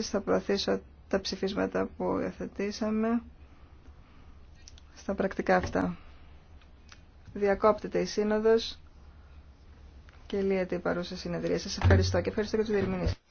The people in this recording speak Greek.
θα προωθήσω τα ψηφίσματα που εθετήσαμε στα πρακτικά αυτά. Διακόπτεται η σύνοδος και λύεται η παρούσα συνεδρία. Σας ευχαριστώ και ευχαριστώ και τους διερμηνήσεις.